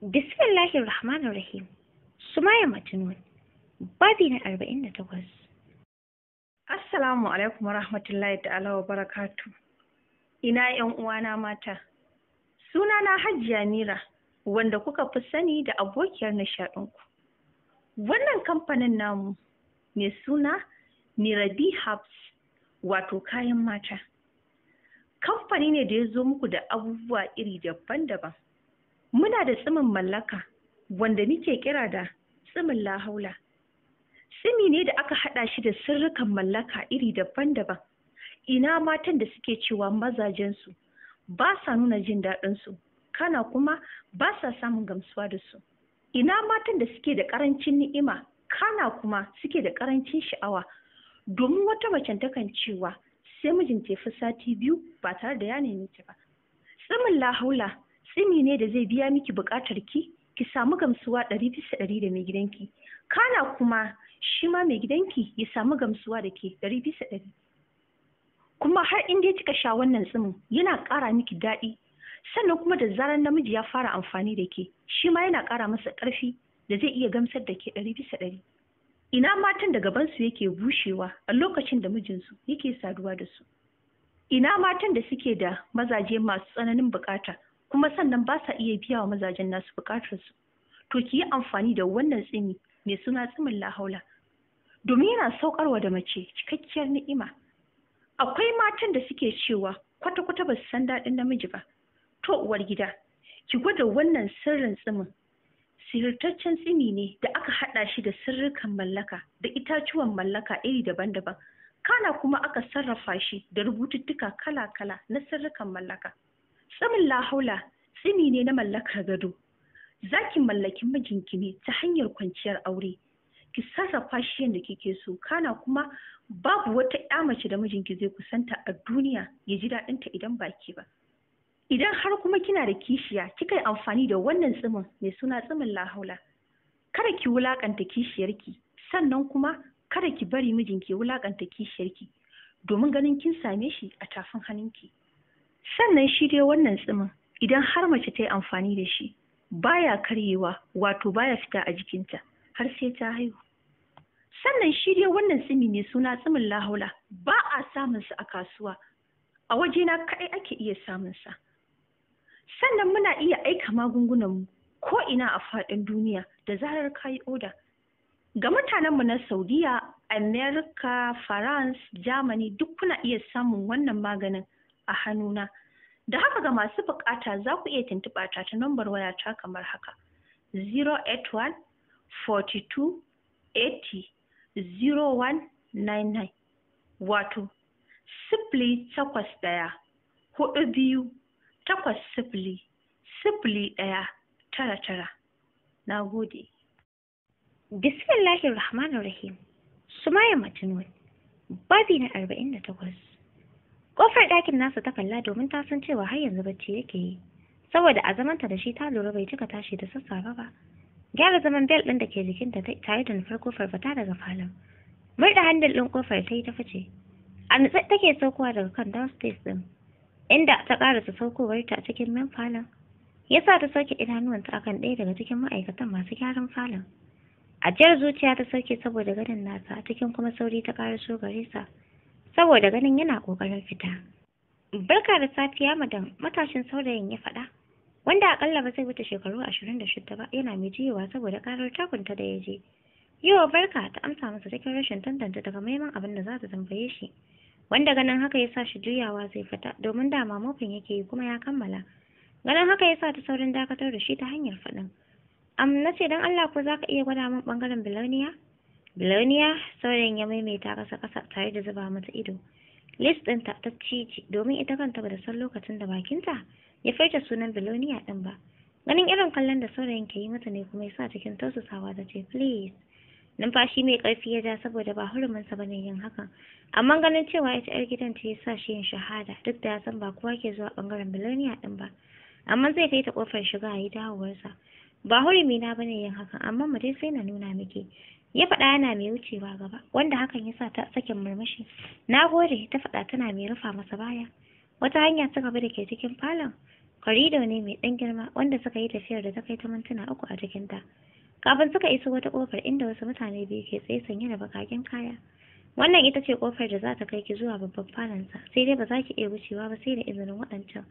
Bismillahir Rahmanir Rahim. Sumayya Majnun. Babi na arba'in da takwas. Assalamu alaikum wa rahmatullahi ta'ala wa barakatu. Ina ‘yan uwana mata. Sunana Hajiya Mira, wanda kuka fi sani da abokiyar nishaɗinku. Wannan kamfanin namu ne suna Mirabi Habs, wato kayan mata. Kamfani ne da ya zo muku da abubuwa iri daban-daban. muna da tsimin mallaka wanda muke kira da tsimin lahaula tsimi ne da aka haɗa shi da sirrukan mallaka iri daban-daban ina matan da suke cewa mazajensu ba sa nuna jin daɗinsu kana kuma ba sa samun gamsuwa da su ina matan da suke da ƙarancin ni'ima kana kuma suke da ƙarancin sha'awa domin wata macen takan cewa sai mijin ya fi sati biyu ba tare da ya nemi ba tsimin lahaula tsini ne da zai biya miki buƙatar ki ki samu gamsuwa ɗari bisa ɗari da mai gidanki kana kuma shi ma mai gidanki ya samu gamsuwa da ke ɗari bisa ɗari kuma har in dai kika sha wannan tsimin yana ƙara miki daɗi sannan kuma da zarar namiji ya fara amfani da ke shi ma yana ƙara masa ƙarfi da zai iya gamsar da ke ɗari bisa ɗari ina matan da gabansu yake bushewa a lokacin da mijinsu yake saduwa da su ina matan da suke da mazaje masu tsananin bukata kuma sannan ba sa iya biya wa mazajen nasu bukatar su to ki yi amfani da wannan tsimi mai suna tsimin lahaula domin yana saukarwa da mace cikakkiyar ni'ima akwai matan da suke cewa kwata-kwata ba su san daɗin namiji ba to uwar gida ki gwada wannan sirrin tsimin Sihirtaccen tsimi ne da aka haɗa shi da sirrikan mallaka da itatuwan mallaka iri daban-daban kana kuma aka sarrafa shi da rubututtuka kala-kala na sirrikan mallaka Tsamin lahaula tsini ne na mallakar gado. Za ki mallaki mijinki ne ta hanyar kwanciyar aure. Ki sarrafa shi yadda kike so, kana kuma babu wata ƴa mace da mijinki zai kusanta a duniya ya ji daɗinta idan baki ba. Idan har kuma kina da kishiya, kika yi amfani da wannan tsimin mai suna tsimin lahaula. Kada ki wulaƙanta kishiyarki, sannan kuma kada ki bari mijinki wulakanta kishiyarki, domin ganin kin same shi a tafin hannunki. sannan shi dai wannan tsimin idan har mace ta yi amfani da shi baya karyewa wato baya fita a jikinta har sai ta haihu sannan shi dai wannan tsimi ne suna tsimin lahaula ba a samun sa a kasuwa a wajena kaɗai ake iya samun sa sannan muna iya aika magungunan mu ko ina a faɗin duniya da zarar ka yi oda ga mutanenmu na saudiya america france germany duk kuna iya samun wannan maganin a hannuna. Da haka ga masu bukata za ku iya tuntuɓa ta ta nambar ta kamar haka 081 42 80 0199 wato sifili takwas ɗaya hudu biyu takwas sifili sifili ɗaya tara tara na gode. Bismillahirrahmanirrahim. Rahmanir Rahim Sumaya babi na arba'in da takwas Kofar ɗakin nasa ta kalla domin ta san cewa har yanzu bacci yake yi. Saboda a zamanta da shi ta lura bai cika tashi da sassafe ba. Gyara zaman bel ɗin da ke jikinta tare da nufar kofar fita daga falon. Murda handil ɗin kofar ta yi ta fice. A ta take saukowa daga kan downstairs ɗin. Inda ta ƙarasa ta cikin man falon. Ya sa ta sauke idanuwanta akan ɗaya daga cikin ma'aikatan masu gyaran falon. Ajiyar zuciya ta sauke saboda ganin nasa cikin kuma sauri ta ƙara so gare sa. saboda ganin yana kokarin fita. Barka da safiya madam matashin saurayin ya faɗa. Wanda akalla ba zai wuce shekaru ashirin da shida ba yana mai jiyewa saboda karar takunta da ya je. Yiwa barka ta amsa masa cikin rashin tantance daga maiman abin da za ta tambaye shi. Wanda ganin haka ya sa shi juyawa zai fita domin dama mofin yake yi kuma ya kammala. Ganin haka ya sa ta saurin dakatar da shi ta hanyar faɗin. Am na ce don Allah ko za ka iya gwada min ɓangaren Biloniya? Biloniya saurayin ya maimaita kasa kasa tare da zuba mata ido. Liz ɗinta ta cici domin ita kanta ba da san lokacin da bakinta ya furta sunan Biloniya ɗin ba. Ganin irin kallon da saurayin ke yi mata ne kuma ya sa cikin tausasawa ta ce please. Numfashi mai ƙarfi ya ja saboda ba hurumansa ba ne yin hakan. Amma ganin cewa ita 'yar gidan ta ya sa shi yin shahada duk da ya san ba kowa ke zuwa ɓangaren Biloniya ɗin ba. Amma zai kai ta ƙofar shiga a yi dawowarsa. Ba hurumi na ne yin hakan amma mu dai sai na nuna miki. ya faɗa yana mai wucewa gaba wanda hakan ya sa ta sakin murmushi na gode ta faɗa tana mai rufa masa baya wata hanya ta gaba da ke cikin falon korido ne mai ɗan girma wanda suka yi tafiyar da ta kai ta mintuna uku a ta kafin suka iso wata kofar inda wasu mutane biyu ke tsaye sanye da bakakin kaya wannan ita ce kofar da za ta kai ki zuwa babban falon sa sai dai ba za ki iya wucewa ba sai da izinin waɗancan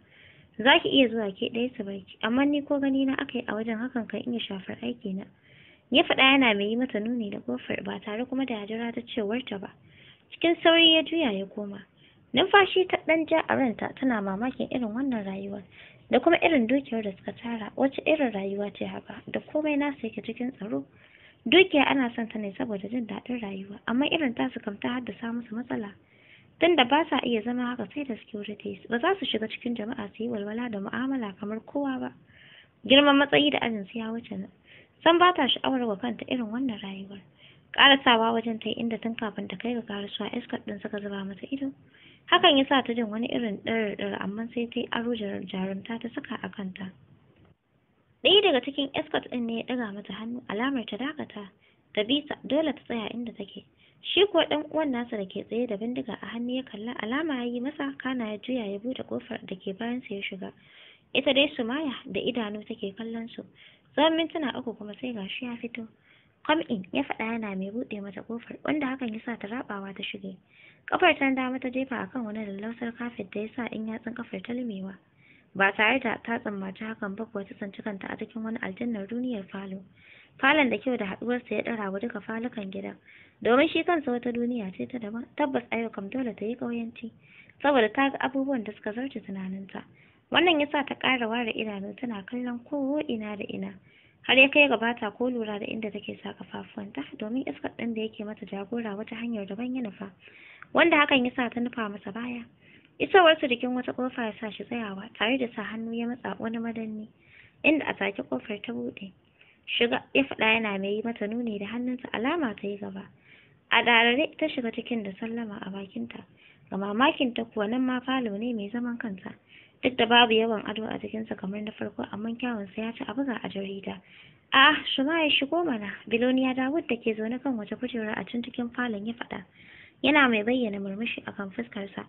za ki iya zuwa ke ɗaya su barki amma ni ko gani na aka yi a wajen hakan kan iya shafar aiki na ya faɗa yana mai yi mata nuni da kofar ba tare kuma da yajira ta cewarta ba cikin sauri ya juya ya koma numfashi ta ɗan ja a ranta tana mamakin irin wannan rayuwar da kuma irin dukiyar da suka tara wacce irin rayuwa ce haka da komai nasu yake cikin tsaro dukiya ana son ta ne saboda jin daɗin rayuwa amma irin ta su kamta haddasa musu matsala tunda ba sa iya zama haka sai da securities ba za su shiga cikin jama'a su yi walwala da mu'amala kamar kowa ba girman matsayi da su ya wuce nan san ba ta sha'awar wa kanta irin wannan rayuwar karasawa wajen ta yi inda tun kafin ta kai ga karasuwa iskar ɗin suka zuba masa ido hakan ya sa ta jin wani irin ɗarar amma sai ta yi aro jarumta ta saka a kanta ɗaya daga cikin escort ɗin ne ya ɗaga mata hannu alamar ta dakata ta bi dole ta tsaya inda take shi kuwa ɗan uwan nasa da ke tsaye da bindiga a hannu ya kalla alama ya yi masa kana ya juya ya buɗe kofar da ke bayansa ya shiga ita dai sumaya da idanu take kallon su Tsawon mintuna uku kuma sai gashi ya fito. kwam in ya faɗa yana mai buɗe mata ƙofar wanda hakan ya sa ta raɓawa ta shige. Kafar ta dama ta jefa akan wani lallausar kafet da ya sa in yatsun kafar ta limewa. Ba tare da ta tsammaci hakan ba kuwa ta tsinci kanta a cikin wani aljannar duniyar falo. Falon da kyau da haɗuwarsa ya ɗara wa duka falukan gidan. Domin shi kansa wata duniya ce ta daban, tabbas ayyukan dole ta yi ƙauyanci. Saboda ta ga abubuwan da suka zarce tunaninta. wannan ya sa ta ƙara ware idanu tana kallon ko ina da ina har ya kai gabata ko lura da inda take sa kafafuwanta domin iskar ɗin da yake mata jagora wata hanyar daban ya nufa wanda hakan ya sa ta nufa masa baya su jikin wata kofa ya sa shi tsayawa tare da sa hannu ya matsa wani madanni inda a take kofar ta buɗe shiga ya faɗa yana mai yi mata nuni da hannunsa alama ta yi gaba a ɗarare ta shiga cikin da sallama a bakinta ga mamakin ta kuwa nan ma falo ne mai zaman kansa duk da babu yawan ado a jikinsa kamar na farko amma kyawunsa ya ci a buga a jarida a shuma ya shigo mana biloniya dawud da ke zaune kan wata kujera a can cikin falon ya faɗa yana mai bayyana murmushi a kan fuskarsa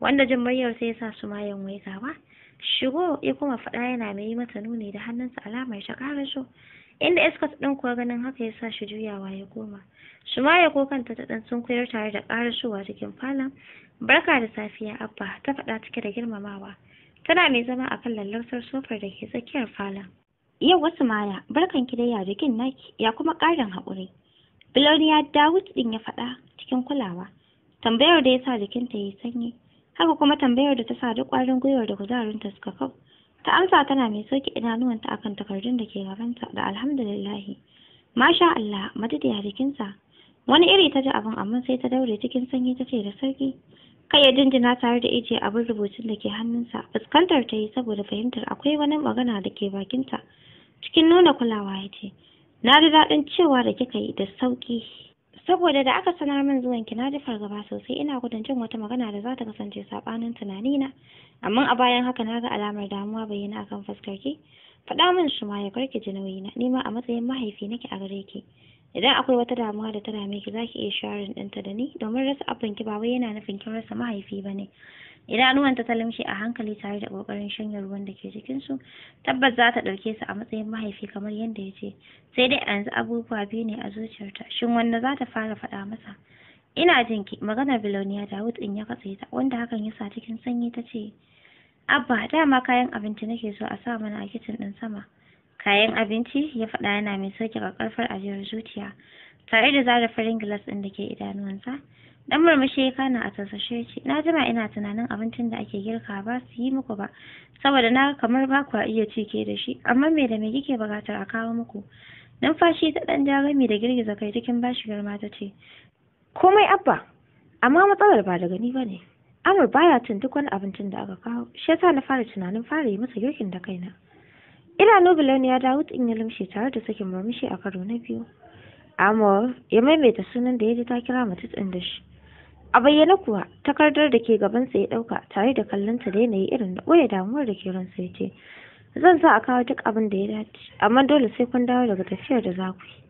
wanda jin muryar sai ya sa su mayan gawa shigo ya kuma faɗa yana mai yi mata nuni da hannunsa alamar ta ƙara inda escort ɗin kuwa ganin haka ya sa shi juyawa ya koma ya ko kanta ta ɗan sunkuyar tare da ƙarasowa cikin falon barka da safiya abba ta faɗa cike da girmamawa tana mai zama a kan lallausar sofar da ke tsakiyar falon yau wasu mara barkan ki da ya naki ya kuma ƙarin haƙuri Biloniya Dawud ɗin ya faɗa cikin kulawa tambayar da ya sa jikinta ya yi sanyi haka kuma tambayar da ta sa duk ƙwarin gwiwar da kuzarinta suka kau ta amsa tana mai sauke idanuwanta akan takardun da ke gabanta da alhamdulillahi masha Allah ya jikinsa wani iri ta ji abin amma sai ta daure cikin sanyi ta ce da sarki kai ya jinjina tare da ije abin rubutun da ke hannunsa fuskantar ta yi saboda fahimtar akwai wani magana da ke bakinta cikin nuna kulawa ya ce na ji daɗin cewa da kika yi da sauƙi saboda da aka sanar min zuwan ki na ji fargaba sosai ina gudun jin wata magana da za ta kasance saɓanin tunani na amma a bayan haka na ga alamar damuwa bayyana akan fuskar ki faɗa min shi ma ya karki ji nauyi na nima a matsayin mahaifi nake a gare ki idan akwai wata damuwa da ta dame ki zaki iya sharing ɗinta da ni domin rasa abin ki ba wai yana nufin kin rasa mahaifi bane ne idanuwanta ta limshe a hankali tare da kokarin shanya ruwan da ke su tabbas za ta ɗauke su a matsayin mahaifi kamar yadda ya ce sai dai a yanzu abubuwa biyu ne a zuciyarta shin wanda za ta fara faɗa masa ina jin ki maganar biloniya dawud in ya katse ta wanda hakan ya sa cikin sanyi ta ce abba dama kayan abinci nake so a sa mana a kicin ɗin sama kayan abinci ya faɗa yana mai soke ƙarfar ajiyar zuciya tare da zara farin gilas ɗin da ke idanuwansa dan murmushi ya kana a tasashe ce na jima ina tunanin abincin da ake girka ba su yi muku ba saboda na kamar ba ku iya ci ke da shi amma me da me kike buƙatar a kawo muku numfashi ta ɗan ja da girgiza kai cikin bashi girma ta ce komai abba amma matsalar ba da gani ba ne. amur baya cin duk wani abincin da aka kawo shi yasa na fara tunanin fara yi masa girkin da kaina Ina bilon ya dawo in ya tare da sakin murmushi a karo na biyu amur ya maimaita sunan da ya ji ta kira mace da shi a bayyana kuwa takardar da ke gabansa ya ɗauka tare da ta da yanayi irin da ɓoye damuwar da ke ransa ya ce zan sa a kawo duk abin da ya dace amma dole sai kun dawo daga tafiyar da za ku yi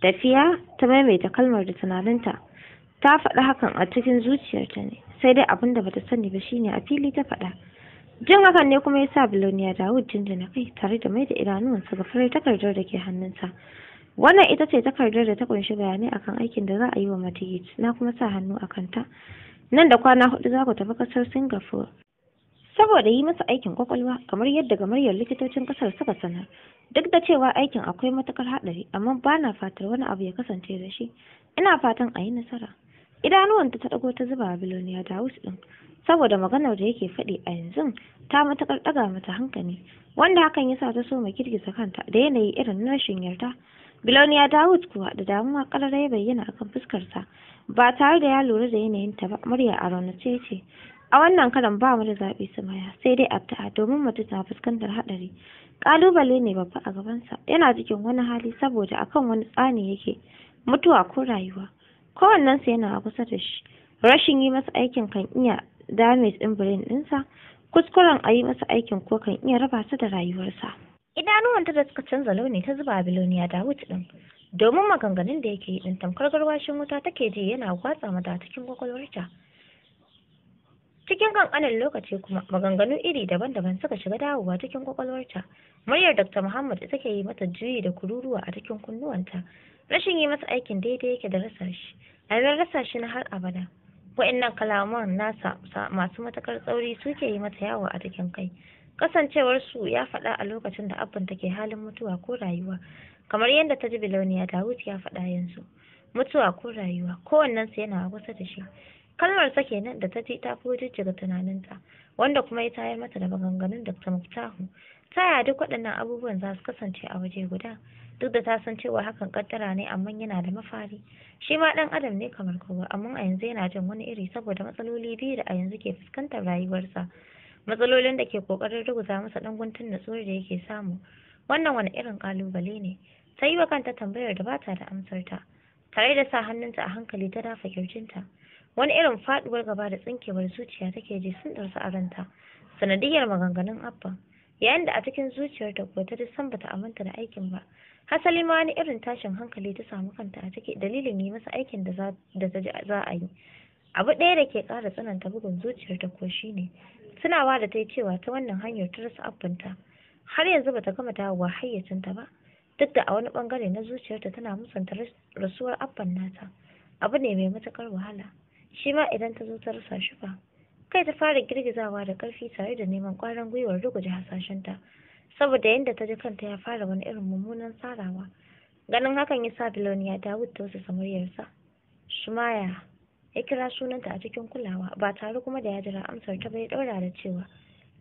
tafiya ta maimaita kalmar da tunaninta ta faɗi hakan a cikin zuciyarta ne sai dai abin da bata sani ba shine a fili ta faɗa jin hakan ne kuma ya sa biloniya dawud jinjina kai tare da mai da idanuwansa ga farar takardar da ke hannunsa wannan ita ce takardar da ta kunshi bayanai akan aikin da za a yi wa matigit na kuma sa hannu a kanta nan da kwana hudu za ku tafi kasar singapore saboda yi masa aikin kwakwalwa kamar yadda gamaryar likitocin kasar suka sanar duk da cewa aikin akwai matukar haɗari amma ba na fatar wani abu ya kasance da shi ina fatan a yi nasara idanuwanta ta ɗago ta zuba a biloniya dawus ɗin saboda maganar da yake faɗi a yanzu ta matuƙar ɗaga mata hankali wanda hakan ya sa ta so mai girgiza kanta da yanayi irin na rashin yarda biloniya dawud kuwa da damuwa ƙarar ya bayyana akan fuskarsa ba tare da ya lura da yanayin ta ba murya a raunace ce a wannan karan ba mu da zaɓi su maya, sai dai abta'a domin mutum ta fuskantar haɗari ƙalubale ne babba a gabansa yana cikin wani hali saboda akan wani tsani yake mutuwa ko rayuwa kowannensu yana a kusa da shi rashin yi masa aikin kan iya damage ɗin brain ɗinsa kuskuren a yi masa aikin ko kan iya raba su da rayuwarsa idanuwanta da suka canza launi ta zuba biloniya dawud ɗin domin maganganun da yake yi ɗin tamkar garwashin wuta take ji yana gwatsa mata cikin kwakwalwarta cikin kankanin lokaci kuma maganganu iri daban-daban suka shiga dawowa cikin kwakwalwarta muryar dr muhammad ita take yi mata juyi da kururuwa a cikin kunnuwanta rashin yi masa aikin daidai yake da rasa shi a rasa shi na har abada wa'annan kalaman nasa masu matakar tsauri suke yi mata yawo a cikin kai kasancewar su ya faɗa a lokacin da abin take halin mutuwa ko rayuwa kamar yadda ta ji biloniya dawud ya faɗa yanzu mutuwa ko rayuwa kowannen su yana kusa da shi kalmar sa kenan da ta ji ta fi jijjiga tunaninta wanda kuma ya tayar mata da maganganun dr muftahu ta yaya duk waɗannan abubuwan za su kasance a waje guda duk da ta san cewa hakan kaddara ne amma yana da mafari shi ma dan adam ne kamar kowa amma a yanzu yana jin wani iri saboda matsaloli biyu da a yanzu ke fuskantar rayuwarsa matsalolin da ke kokarin ruguza masa dan guntun natsuwar da yake samu wannan wani irin kalubale ne ta yi wa kanta tambayar da bata da amsarta tare da sa hannunta a hankali ta dafa kirjinta wani irin faduwar gaba da tsinkewar zuciya take ji sun ɗarsa a ranta sanadiyar maganganun abba yayin da a cikin zuciyarta ko ta san bata aminta da aikin ba hasali ma wani irin tashin hankali ta samu kanta a take dalilin yi masa aikin da ta ji za a yi abu ɗaya da ke ƙara tsananta bugun zuciyar ta ko shine tunawa da ta yi cewa ta wannan hanyar ta rasa abbanta har yanzu ba ta gama dawowa hayyacinta ba duk da a wani ɓangare na zuciyarta tana musanta rasuwar abban nata abu ne mai matuƙar wahala shi ma idan ta zo ta rasa shi ba kai ta fara girgizawa da ƙarfi tare da neman ƙwarin gwiwar ruguje hasashenta saboda yadda ta ji kanta ya fara wani irin mummunan sarawa ganin hakan ya sa biloniya ta wuce wasu samaryarsa shumaya ya kira sunanta a cikin kulawa ba tare kuma da ya jira amsar ta bai ɗaura da cewa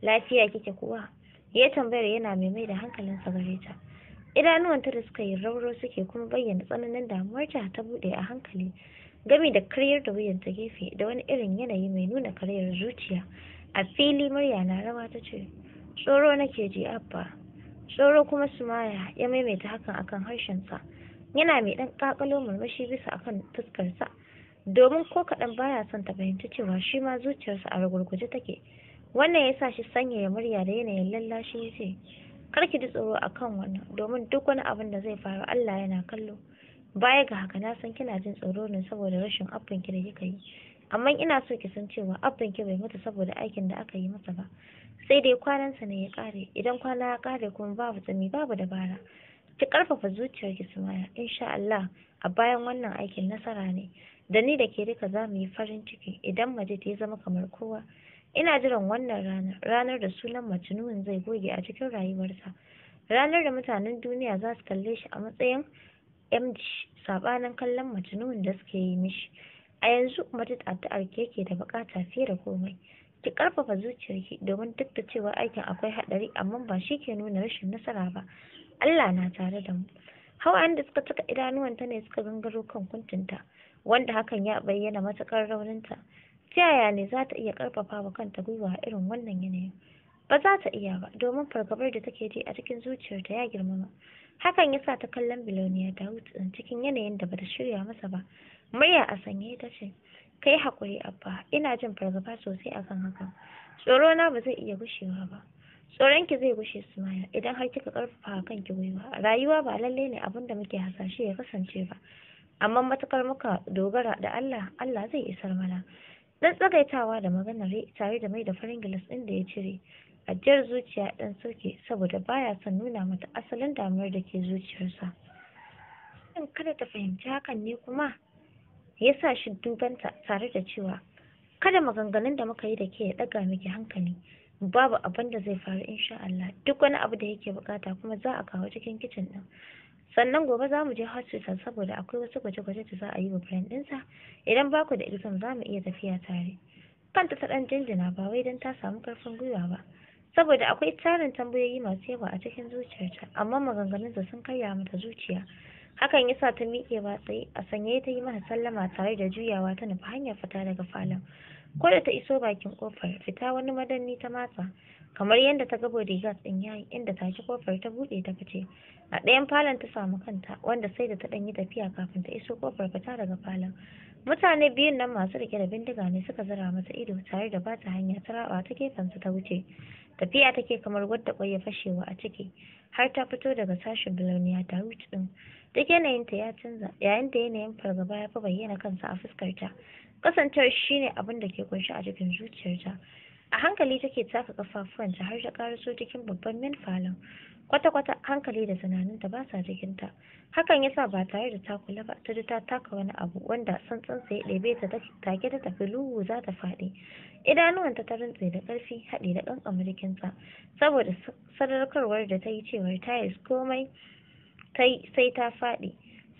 lafiya kike kuwa ya tambayar yana mai mai da hankalinsa gare ta idanuwanta da suka yi rauro suke kuma bayyana tsananin damuwarta ta buɗe a hankali gami da karyar da ta gefe da wani irin yanayi mai nuna karyar zuciya a fili murya na rawa ta ce tsoro nake ji abba tsoro kuma sumaya ya maimaita hakan akan harshen sa. yana mai ɗan kakalo murmushi bisa akan fuskarsa domin ko kaɗan baya son ta fahimci cewa shi ma zuciyarsa a ragurguje take wannan ya sa shi ya murya da yanayin lallashi ya ce kar ki ji tsoro akan wannan domin duk wani abin da zai faru Allah yana kallo baya ga haka na san kina jin tsoro ne saboda rashin abin ki da kika yi amma ina so ki san cewa abin ki bai mutu saboda aikin da aka yi masa ba sai dai kwanansa ne ya kare idan kwana ya kare kuma babu tsami babu dabara ki karfafa zuciyar ki sumaya insha Allah a bayan wannan aikin nasara ne da ni da ke rika za mu yi farin ciki idan Majid ya zama kamar kowa ina jiran wannan ranar ranar da sunan majnun zai goge a cikin rayuwarsa ranar da mutanen duniya za su kalle shi a matsayin MD sabanin kallon majnun da suke yi mishi a yanzu Majid addu'ar ke da bukata fiye da komai ki karfafa zuciyar ki domin duk da cewa aikin akwai hadari amma ba shi ke nuna rashin nasara ba Allah na tare da mu hawayen da suka cika idanuwanta ne suka gangaro kan kuntinta wanda hakan ya bayyana matukar rauninta ta yaya ne za ta iya karfafa wa kanta gwiwa a irin wannan yanayin ba za ta iya ba domin fargabar da take ji a cikin zuciyarta ya girmama hakan ya sa ta kallon biloniya dawud cikin yanayin da bata shirya masa ba murya a sanye ta ce kai haƙuri abba ina jin fargaba sosai akan haka. tsoro na ba zai iya gushewa ba tsoron ki zai gushe su maya idan har kika karfafa kan ki gwiwa rayuwa ba lallai ne abin da muke hasashe ya kasance ba amma matukar muka dogara da Allah Allah zai isar mana dan tsagaitawa da maganar tare da mai da farin gilas din da ya cire ajiyar zuciya dan soke saboda baya son nuna mata asalin damuwar da ke zuciyarsa in kada ta fahimci hakan ne kuma ya sa shi dubanta tare da cewa kada maganganun da muka yi da ke ya daga miki hankali babu abin da zai faru insha Allah duk wani abu da yake bukata kuma za a kawo cikin kicin din sannan gobe za mu je hospital saboda akwai wasu gwaje-gwaje da za a yi wa friend ɗinsa idan ba ku da exam za mu iya tafiya tare kanta ta ɗan jinjina ba wai don ta samu karfin gwiwa ba saboda akwai tarin tambayoyi masu yawa a cikin zuciyarta amma maganganunsa sun karya mata zuciya hakan yasa ta miƙe ba tsaye a sanye ta yi mata sallama tare da juyawa ta nufa hanyar fita daga falon ko da ta iso bakin kofar fita wani madanni ta matsa kamar yadda ta ga gas din yayi inda ta ci kofar ta buɗe ta fice a ɗayan falon ta samu kanta wanda sai da ta ɗan yi tafiya kafin ta iso kofar fita daga falon mutane biyun nan masu rike da bindiga ne suka zara mata ido tare da bata hanya ta raba ta gefen ta wuce tafiya take kamar wadda kwai ya fashewa a ciki har ta fito daga sashen biloniya ta wuce din duk yanayinta ya canza yayin da yanayin fargaba ya fi bayyana kansa a fuskarta kasancewar shi ne abin da ke kunshi a cikin zuciyarta a hankali take taka ta har ta karaso cikin babban min falon kwata-kwata hankali da tunaninta ba sa jikinta hakan ya sa ba tare da ta kula ba ta ji ta taka wani abu wanda tsantsan sa ya ɗebe ta take ta tafi luhu za ta faɗi idanuwanta ta rintse da ƙarfi haɗe da ƙanƙan jikinta saboda sadarkarwar da ta yi cewar ta komai tai sai ta faɗi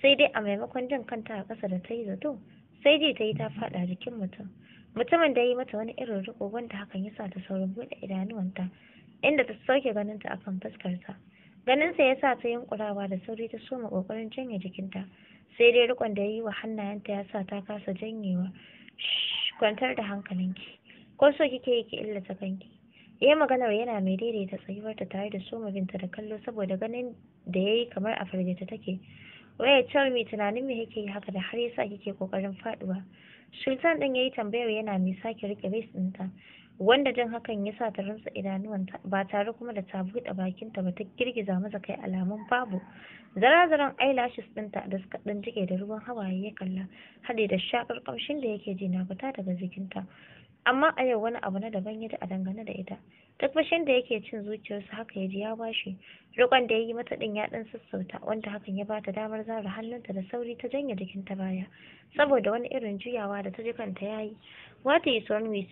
sai dai a maimakon jin kanta a ƙasa da ta yi zato sai dai ta yi ta faɗa jikin mutum mutumin da ya yi mata wani irin riko wanda hakan ya sa ta saurin buɗe idanuwanta inda ta sauke ganinta a kan fuskarta ganinsa ya sa ta yunkurawa da sauri ta soma ƙoƙarin janye jikinta sai dai rikon da ya yi wa hannayenta ya sa ta kasa janyewa kwantar da hankalinki ko so kike yi ki illata kanki ya eh, maganar yana mai daidaita tsayuwarta tare da soma binta da kallo saboda ganin da ya yi kamar a firgita take waya tell me tunanin me yake yi haka da har yasa kike kokarin faduwa sultan din yayi tambayar yana mai sake rike bes ɗinta wanda jan hakan ya sa ta rantsa ta ba tare kuma da ta buɗe bakinta ba ta girgiza masa kai alamun babu zarazaran eyelashes ɗinta da suka ɗan jike da ruwan hawaye ya kalla haɗe da shakar ƙamshin da yake ji na fita daga jikinta amma a yau wani abu na daban ya ji a dangane da ita duk bashin da yake cin zuciyarsa haka ya ji ya bashi rikon da ya yi mata din ya dan sassauta wanda hakan ya bata damar zara hannunta da sauri ta jikin ta baya saboda wani irin juyawa da ta ji kanta ya yi what is wrong with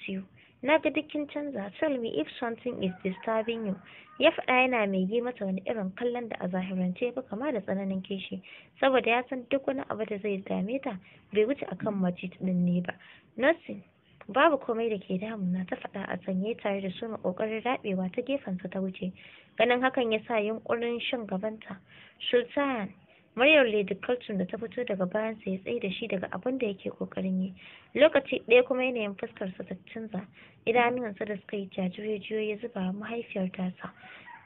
na ga dukkin canza tell me if something is disturbing you ya faɗa yana mai yi mata wani irin kallon da a zahirance ba kama da tsananin kishi saboda ya san duk wani abu da zai dame ta bai wuce akan majid ɗin ne ba nothing babu komai da ke na ta faɗa a sanye tare da suma ƙoƙarin raɓewa ta gefensa ta wuce ganin hakan ya sa yunƙurin shan gabanta sultan muryar lady culture da ta fito daga bayansa ya tsaye da shi daga abin da yake ƙoƙarin yi lokaci ɗaya kuma yanayin fuskarsa ta canza idanunsa da suka yi jajirjiyoyi ya zuba mahaifiyar tasa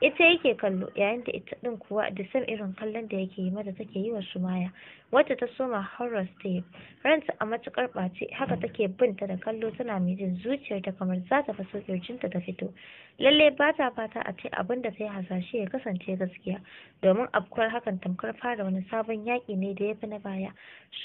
ita yake kallo yayin da ita din kuwa da sam irin kallon da yake yi mata take yi wa Sumaya wata ta soma horror step ranta a matukar ɓace haka take bin ta da kallo tana mai jin zuciyarta kamar za ta fasa kirjinta ta fito lalle ba ta fata a ce abin da ta yi hasashe ya kasance gaskiya domin afkuwar hakan tamkar fara wani sabon yaƙi ne da ya fi na baya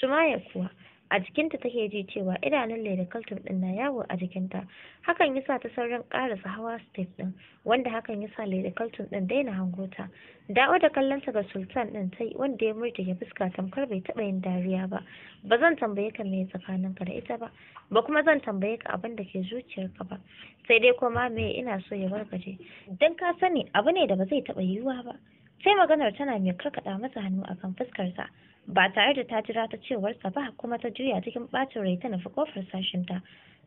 Sumaya kuwa a jikinta take ji cewa idanun lady culture din na yawo a jikinta hakan yasa ta saurin karasa hawa step din wanda hakan yasa lady culture din daina hangota dawo da kallonta ga sultan din tai wanda ya murta ya fuska tamkar bai taba yin dariya ba ba zan tambaye ka me ka da ita ba ba kuma zan tambaye ka abin da ke zuciyarka ba sai dai kuma me ina so ya warkace dan ka sani abu ne da ba zai taba yiwuwa ba sai maganar tana mai karkada masa hannu akan fuskarsa ba tare da ta jira ta cewarsa ba kuma ta juya cikin bacin rai ta nufi kofar sashinta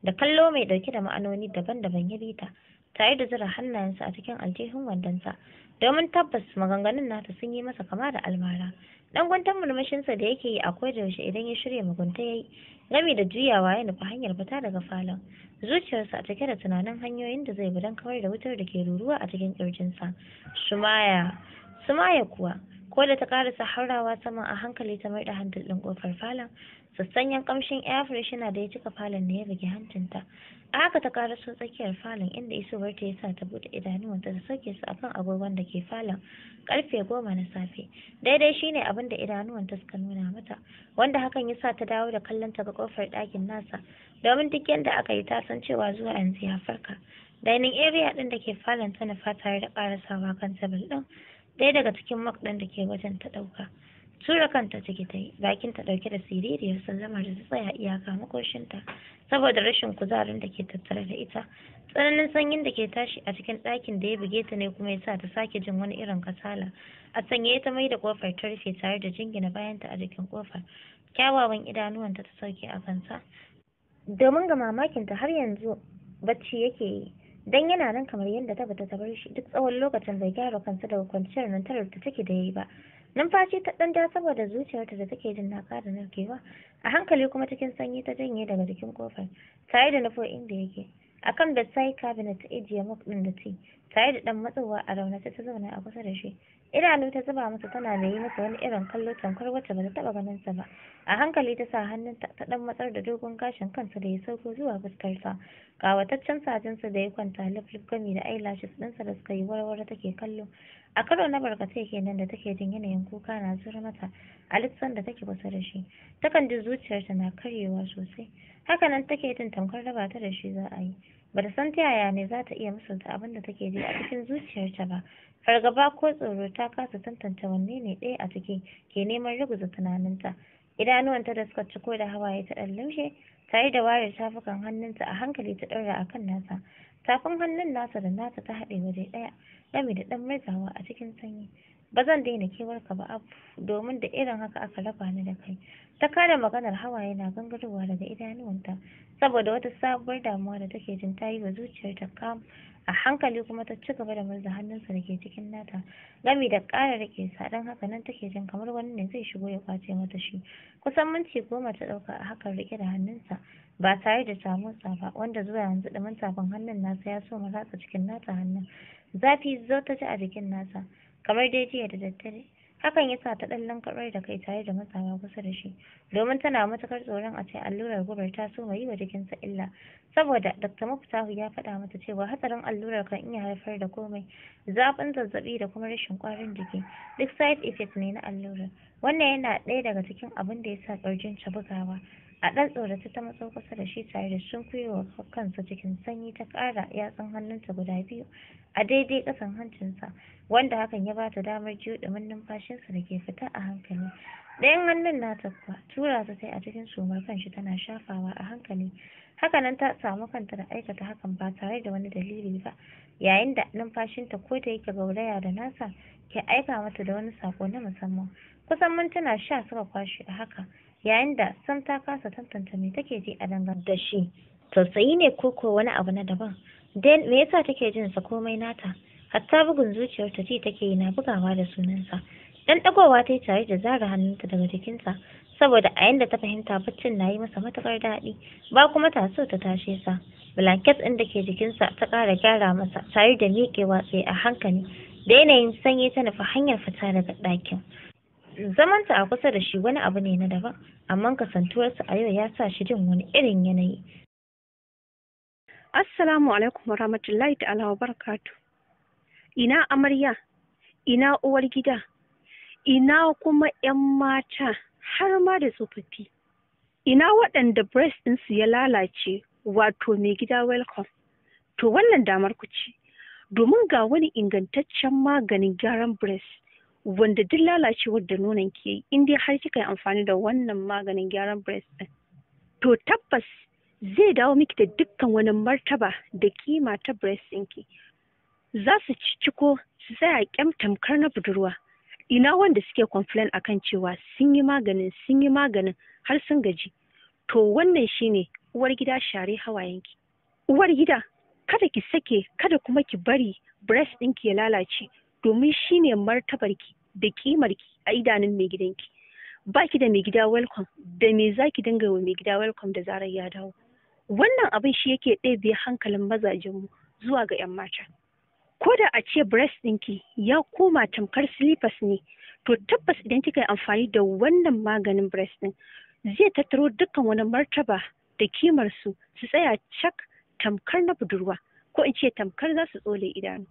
da kallo mai ɗauke da ma'anoni daban-daban ya bi ta tare da zura hannayensa a cikin aljihun wandonsa domin tabbas maganganun nata sun yi masa kama da almara dan gwantan murmushinsa da yake yi a yaushe idan ya shirya mugunta ya yi gami da juyawa ya nufi hanyar fita daga falon zuciyarsa a cike da tunanin hanyoyin da zai bi don kawar da wutar da ke ruruwa a cikin kirjinsa sumaya sumaya kuwa ko da ta karasa haurawa sama a hankali ta maida hantar ɗin ƙofar falon sassanyen ƙamshin air yana da ya cika falon da ya bugi hancinta a haka ta karasa tsakiyar falon inda isowar ta sa ta buɗe idanuwanta ta sauke su akan agogon da ke falon karfe goma na safe daidai shine abin da idanuwanta suka nuna mata wanda hakan ya sa ta dawo da kallon ta ga kofar ɗakin nasa domin duk yadda aka yi ta san cewa zuwa yanzu ya farka dining area din da ke falon ta nufa tare da karasawa kan tebul din ɗaya daga cikin mak ɗin da ke wajen ta ɗauka tura kanta ciki ta yi bakin ta ɗauke da siririyar sallamar da ta tsaya iyaka makoshinta saboda rashin kuzarin da ke tattare da ita tsananin sanyin da ke tashi a cikin ɗakin da ya buge ta ne kuma ya sa ta sake jin wani irin kasala a sanye ta mai da kofar ta rufe tare da jingina bayanta a jikin kofar kyawawan idanuwanta ta sauke a kansa domin ga mamakinta har yanzu bacci yake yi dan yana nan kamar yadda ta bata bar shi duk tsawon lokacin bai gyara kansa daga kwanciyar nan tarar da take da yayi ba numfashi ta dan ja saboda zuciyarta da take jin na kada narkewa a hankali kuma cikin sanyi ta janye daga jikin kofar tare da nufo inda yake akan da sai cabinet ta ijiye mop din da tea tare da dan matsowa a raunata ta zauna a kusa da shi idanu ta zuba masa tana da yi masa wani irin kallo tamkar wacce bata taba ganin sa ba a hankali ta sa hannun ta dan matsar da dogon gashin kansa da ya sauko zuwa fuskar sa kawataccen sajinsa da ya kwanta lif gami da eyelashes ɗinsa da suka yi warware take kallo a karo na barkatai kenan da take jin yanayin kuka na zura mata a lissan da take kusa da shi takan ji zuciyarta na karyewa sosai Haka nan take jin tamkar raba ta da shi za a yi bata san ta yaya ne za ta iya misalta abin da take ji a cikin zuciyarta ba fargaba ko tsoro ta kasa tantance wanne ne ɗaya a ciki ke neman ruguza tunaninta idanuwanta da suka ci ko da hawaye ta ɗan laushe tare da wayar tafukan hannunta a hankali ta ɗaura a kan nasa tafin hannun nasa da nasa ta haɗe waje ɗaya gami da ɗan murzawa a cikin sanyi ba zan daina kewarka ba abu domin da irin haka aka raba ni da kai ta kare maganar hawaye na gangarowa daga idanuwanta saboda wata sabuwar damuwa da take jin ta yi wa zuciyarta kam a hankali kuma ta ci gaba da murza hannunsa da ke cikin nata gami da ƙara rike sa don haka nan take jin kamar wani ne zai shigo ya kwace mata shi kusan minti goma ta ɗauka a hakan rike da hannunsa ba tare da ta motsa ba wanda zuwa yanzu ɗumin tafin hannun nasa ya so ratsa cikin nata hannun zafi zo ta ji a jikin nasa kamar dai jiya da daddare hakan yasa ta ɗan lankarar da kai tare da matsawa kusa da shi domin tana matukar tsoron a ce allurar gubar ta so mai yi wa jikinsa illa saboda dr muftahu ya faɗa mata cewa hatsarin allurar kan iya haifar da komai zafin zazzabi da kuma rashin ƙwarin jiki duk side effect ne na allurar wannan yana ɗaya daga cikin abin da yasa sa ƙirjin ta bugawa a ɗan tsorata ta matso kusa da shi tare da sun sunkuyowa kansa cikin sanyi ta ƙara yatsun hannunta guda biyu a daidai ƙasan hancinsa wanda hakan ya ba ta damar juɗumin numfashinsa da ke fita a hankali ɗayan hannun nata kuwa tura ta sai a cikin sumar kanshi tana shafawa a hankali Haka nan ta samu kanta da aikata hakan ba tare da wani dalili ba yayin da numfashinta ko da yake gauraya da nasa ke aika mata da wani sako na musamman kusan mintuna sha suka kwashe a haka yayin da sam ta kasa tantance me take ji a dangane da shi tausayi ne ko ko wani abu na daban dan me yasa take jin sa komai nata hatta bugun zuciyarta ji take yi na bugawa da sunansa dan dagowa ta yi tare da zara hannunta daga jikinsa saboda a yanda ta fahimta baccin na yi masa matukar daɗi ba kuma ta so ta tashe sa blanket ɗin da ke jikinsa ta ƙara gyara masa tare da miƙewa tsaye a hankali da yanayin sanyi ta nufi hanyar fita daga ɗakin zamanta a kusa da shi wani abu ne na daban amma kasantuwarsa a yau ya sa shi jin wani irin yanayi assalamu alaikum wa rahmatullahi ta'ala wa barakatu ina amarya ina uwar gida ina kuma 'yan mata har ma da tsofaffi ina waɗanda breast ɗinsu ya lalace wato mai gida welcome to wannan damar ku ce domin ga wani ingantaccen maganin gyaran breast wanda duk lalacewar da nonon ke yi in dai har kika yi amfani da wannan maganin gyaran breast din to tabbas zai dawo miki da dukkan wani martaba da kima ta breast ɗinki za su ciciko su tsaya kyam tamkar na budurwa ina wanda suke complain akan cewa sun yi maganin sun yi maganin har sun gaji to wannan shine uwar gida share hawayenki uwar gida kada ki sake kada kuma ki bari breast ɗinki ya lalace domin shi shine martabarki da kimarki a idanun mai gidanki ki da mai gida welcome da me za ki dinga wa mai gida welcome da zarar ya dawo wannan abin shi yake ɗebe hankalin mazajenmu zuwa ga 'yan mata ko da a ce breast ɗinki ya koma tamkar slippers ne to tabbas idan kika yi amfani da wannan maganin breast ɗin zai tattaro dukkan wani martaba da kimar su su tsaya cak tamkar na budurwa ko in ce tamkar za su tsole idanu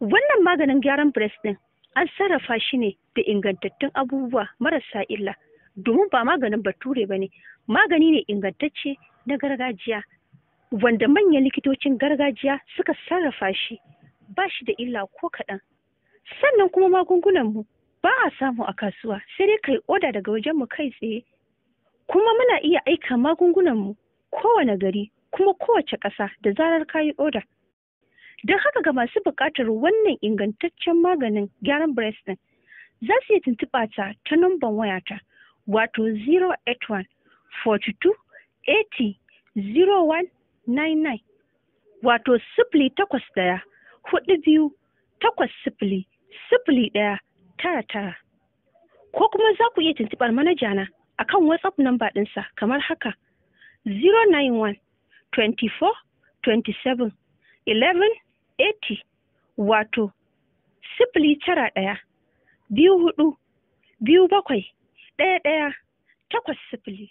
Wannan maganin gyaran breast ɗin an sarrafa shi ne da ingantattun abubuwa marasa illa domin ba maganin bature ba ne magani ne ingantacce na gargajiya wanda manyan likitocin gargajiya suka sarrafa shi ba shi da illa ko kaɗan sannan kuma magungunanmu ba a samu a kasuwa sai dai kai oda daga wajenmu kai tsaye kuma muna iya aika magungunanmu kowane gari kuma kowace ƙasa da zarar kayi oda Don haka ga masu buƙatar wannan ingantaccen maganin gyaran breast ɗin za su yi tuntuɓa ta ta numban wayata wato 081 42 80 0199 wato sifili takwas ɗaya hudu biyu takwas sifili sifili ɗaya tara tara ko kuma za ku iya tuntuɓar manaja na akan whatsapp namba ɗinsa kamar haka 091 24 27 11 Eti, wato sifili tara ɗaya biyu hudu biyu bakwai ɗaya ɗaya takwas sifili.